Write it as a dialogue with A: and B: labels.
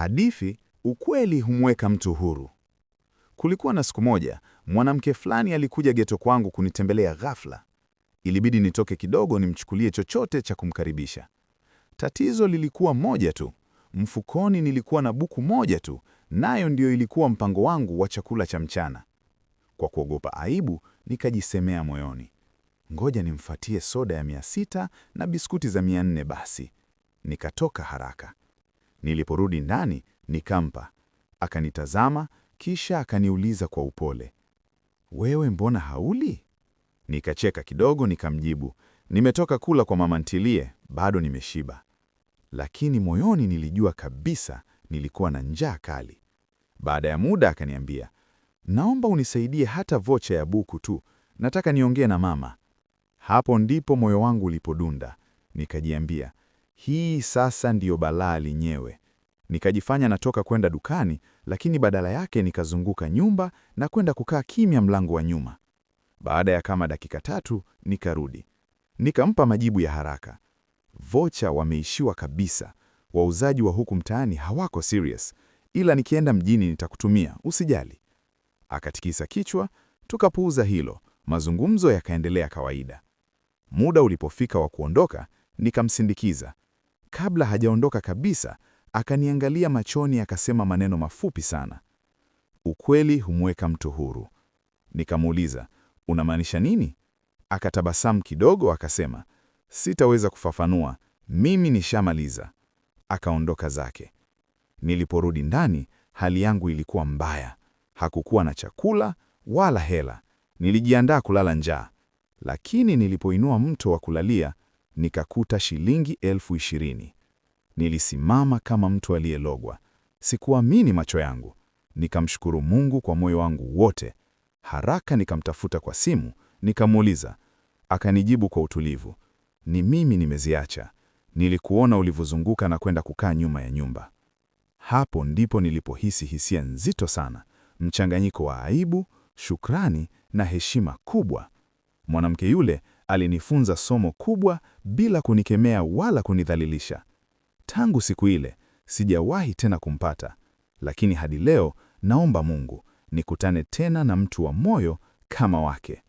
A: Hadithi ukweli humweka mtu huru. Kulikuwa na siku moja mwanamke fulani alikuja geto kwangu kunitembelea ghafla. Ilibidi nitoke kidogo nimchukulie chochote cha kumkaribisha. Tatizo lilikuwa moja tu, mfukoni nilikuwa na buku moja tu, nayo ndiyo ilikuwa mpango wangu wa chakula cha mchana. Kwa kuogopa aibu, nikajisemea moyoni, ngoja nimfatie soda ya mia sita na biskuti za mia nne basi. Nikatoka haraka. Niliporudi ndani nikampa. Akanitazama kisha akaniuliza kwa upole,
B: wewe mbona hauli?
A: Nikacheka kidogo nikamjibu, nimetoka kula kwa mama ntilie, bado nimeshiba. Lakini moyoni nilijua kabisa nilikuwa na njaa kali. Baada ya muda akaniambia, naomba unisaidie hata vocha ya buku tu, nataka niongee na mama. Hapo ndipo moyo wangu ulipodunda. Nikajiambia, hii sasa ndiyo balaa lenyewe. Nikajifanya natoka kwenda dukani, lakini badala yake nikazunguka nyumba na kwenda kukaa kimya mlango wa nyuma. Baada ya kama dakika tatu nikarudi, nikampa majibu ya haraka. Vocha wameishiwa kabisa, wauzaji wa huku mtaani hawako serious, ila nikienda mjini nitakutumia, usijali. Akatikisa kichwa, tukapuuza hilo. Mazungumzo yakaendelea kawaida. Muda ulipofika wa kuondoka, nikamsindikiza Kabla hajaondoka kabisa, akaniangalia machoni akasema maneno mafupi sana. Ukweli humweka mtu huru. Nikamuuliza, unamaanisha nini? Akatabasamu kidogo akasema, sitaweza kufafanua, mimi nishamaliza. Akaondoka zake. Niliporudi ndani, hali yangu ilikuwa mbaya. Hakukuwa na chakula wala hela. Nilijiandaa kulala njaa, lakini nilipoinua mto wa kulalia nikakuta shilingi elfu ishirini. Nilisimama kama mtu aliyelogwa, sikuamini macho yangu. Nikamshukuru Mungu kwa moyo wangu wote. Haraka nikamtafuta kwa simu, nikamuuliza. Akanijibu kwa utulivu, ni mimi nimeziacha, nilikuona ulivyozunguka na kwenda kukaa nyuma ya nyumba. Hapo ndipo nilipohisi hisia nzito sana, mchanganyiko wa aibu, shukrani na heshima kubwa. Mwanamke yule alinifunza somo kubwa bila kunikemea wala kunidhalilisha. Tangu siku ile sijawahi tena kumpata, lakini hadi leo naomba Mungu nikutane tena na mtu wa moyo kama wake.